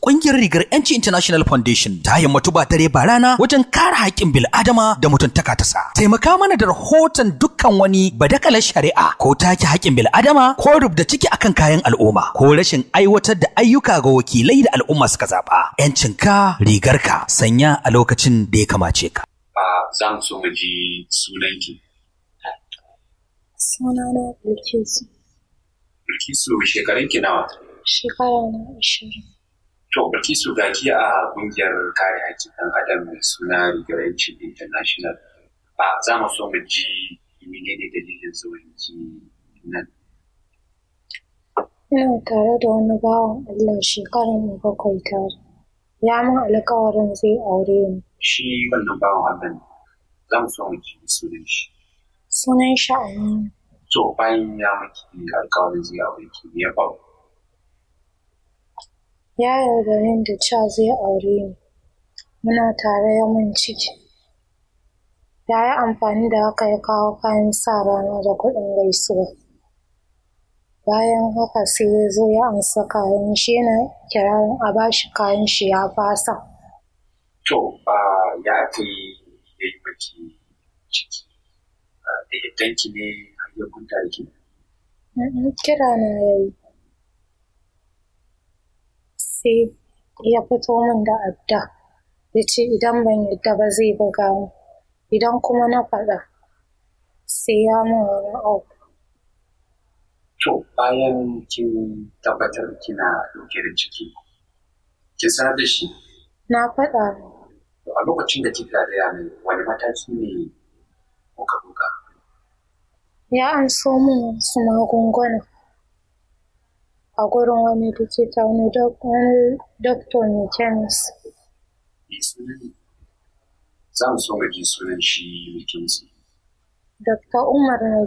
Ƙungiyar rigar 'yanci International Foundation ta himmatu ba dare ba rana wajen kare haƙƙin bil adama da mutuntaka ta sa. Taimaka mana da rahoton dukkan wani badakalar shari'a ko take haƙƙin adama ko rubda ciki akan kayan al'umma ko rashin aiwatar da ayyuka ga wakilai da al'umma suka zaɓa. rigar ka, sanya a lokacin da ya kamace ka. za mu so mu ji sunanki. Sunana Bilkisu. Bilkisu shekarunki nawa? Shekara na ashirin. To, Bilkisu su ki a kungiyar kare haƙƙin ɗan adam mai suna Rigar Yancin International. Ba za mu so mu ji menene dalilin zuwan ki nan. Ina tare da wani bawan Allah shekarar mu bakwai tare. Ya mun alƙawarin zai aure ni. Shi wannan bawan Allah ne. Za mu so mu ji sunan shi. Sunan shi Aminu. To bayan ya maki alƙawarin zai aure ki ya bawa. Ya ganin da cha zai aure ni, muna tare ya mun ciki, ya yi amfani da haka ya kawo kayan sa rana da kuɗin gaisuwa. Bayan haka sai ya zo ya amsa kayan shi yana kirarin a bashi kayan shi ya fasa. To, ya ta yi ya yi baki ciki, da ne a ya gunta ki? Kira na yayi. sai ya fito min da adda ya ce idan ban yadda ba zai buga mu idan kuma na faɗa sai ya min wani abu. To bayan kin tabbatar kina ɗauke da ciki, ki sa da shi? Na faɗa. A lokacin da kika ya mai wani mataki ne kuka buga? Ya an so min su magunguna. a gurin wani likita wani doctor ne chemist. Za mu so gaji sunan shi mutumci. Dokta Umar na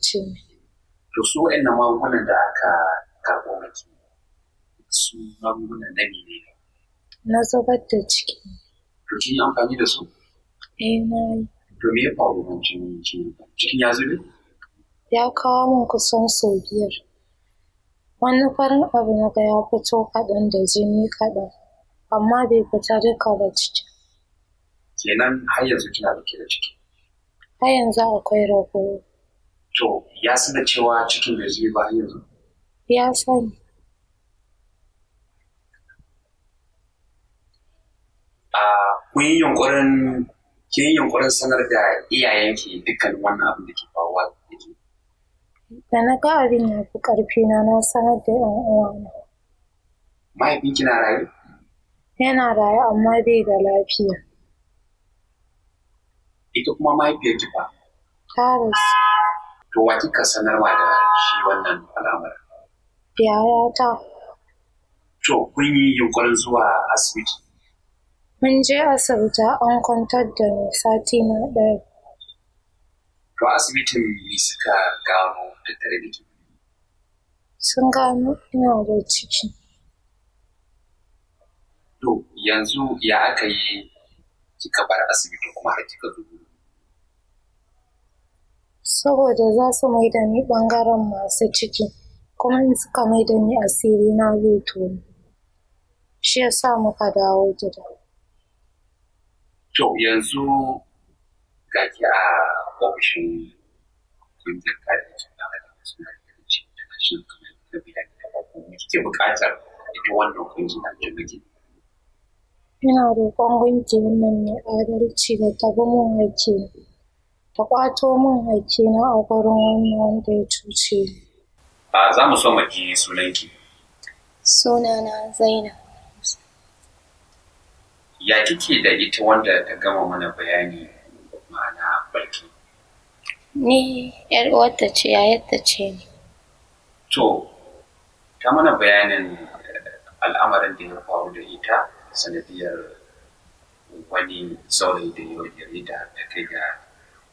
ce. To su wa'annan magungunan da aka karɓo maki su magungunan na ne ne. Na zubar da ciki. To kin yi amfani da su? Eh na yi. To me ya faru ban cikin cikin ya zube? Ya kawo min kusan sau biyar. wani farin abu na ga ya fito kaɗan da jini kaɗan amma bai fita duka da ciki. kenan har yanzu kina da da ciki har yanzu akwai rago to ya san da cewa cikin bai zai ba yanzu ya sani a kun yi yunkurin kin yunkurin sanar da iyayenki dukkan wannan abin da ke faruwa Da na ga abin ya fi ƙarfina na sanar da 'yan uwana. Mahaifinki na raye? Yana raye amma bai da lafiya. Ita kuma mahaifiyarki fa? Ta rasu. To wa kika sanarwa da shi wannan al'amar? ta. To kun yi yunƙurin zuwa asibiti? Mun je asibiti an kwantar da ni sati na ɗaya. To asibitin me suka gano tattare da Sun gano ina da ciki. To yanzu ya aka yi kika bar asibiti kuma har kika zo? Saboda za su mai da ni ɓangaren masu ciki, kuma in suka mai da ni asiri na zai toni. Shi ya sa muka dawo gida. To yanzu ga ki a ofishin kungiyar kare yankin dan adam suna da yanci da kashin kamar da biyan da farko me kike buƙatar ita wannan kungiya ta miki ina roƙon kungiyar nan mai adalci da ta mun hakki ta ƙwato min hakki na a gurin wannan wanda ya cuce ni za mu so mu ji Suna na zaina. ya kike da ita wanda ta gama mana bayani ma'ana balki Ni ‘yar uwarta ce, yayarta ce ni. To, ta mana bayanin eh, al'amarin da ya faru da ita sanadiyar wani saurayi da ya da ta da kai ga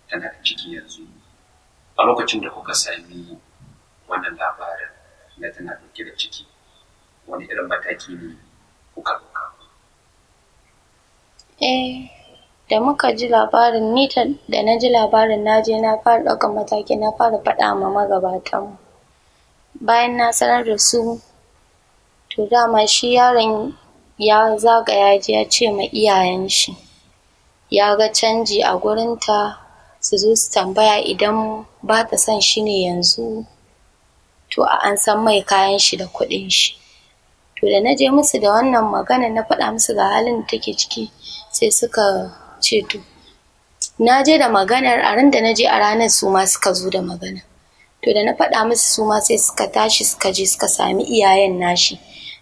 tana da ciki yanzu. A lokacin da kuka sami wannan labarin na tana dauke da ciki, wani irin mataki ne kuka ɗauka? Eh, da muka ji labarin ni da na ji labarin na je na fara ɗaukar mataki na fara faɗa ma magabatan bayan na sanar da su to dama shi yaron ya zaga ya ji ya ce ma iyayen shi ya ga canji a gurinta su zo su tambaya idan ba ta son shi ne yanzu to a an san mai kayan shi da kuɗin shi to da na je musu da wannan magana na faɗa musu ga halin da take ciki sai suka ceto na je da maganar a ran da na je a ranar su ma suka zo da magana to da na faɗa musu su ma sai suka tashi suka je suka sami iyayen nashi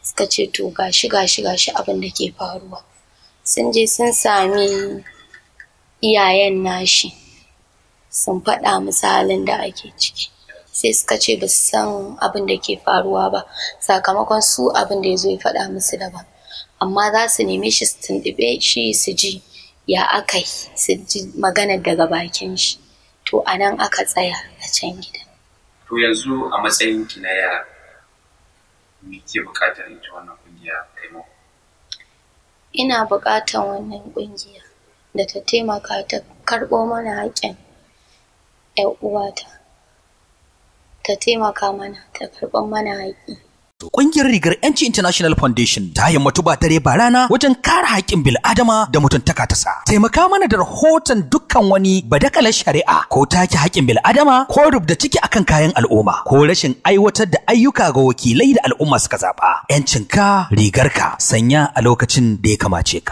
suka ce to gashi gashi gashi abin da ke faruwa sun je sun sami iyayen nashi sun faɗa musu halin da ake ciki sai suka ce ba su san abin da ke faruwa ba sakamakon su abin da ya zo ya faɗa musu daban amma za su neme shi su tuntube shi su ji ya aka yi su ji magana daga bakin shi to a nan aka tsaya a can gida. to yanzu a matsayin ki na yara me ke bukatar ita wannan kungiya taimako ina bukatar wannan kungiya da ta taimaka ta karɓo mana haƙƙin uwata ta taimaka mana ta karɓar mana haƙƙi Ƙungiyar rigar yanci International Foundation ta yammatu ba dare ba rana wajen kare haƙƙin bil'adama da mutuntaka ta sa. Taimaka mana da rahoton dukkan wani badakalar shari'a ko take haƙƙin bil'adama ko rubda ciki akan kayan al'umma ko rashin aiwatar da ayyuka ga wakilai da al'umma suka zaɓa. Yancinka rigarka sanya a lokacin da ya kamace ka.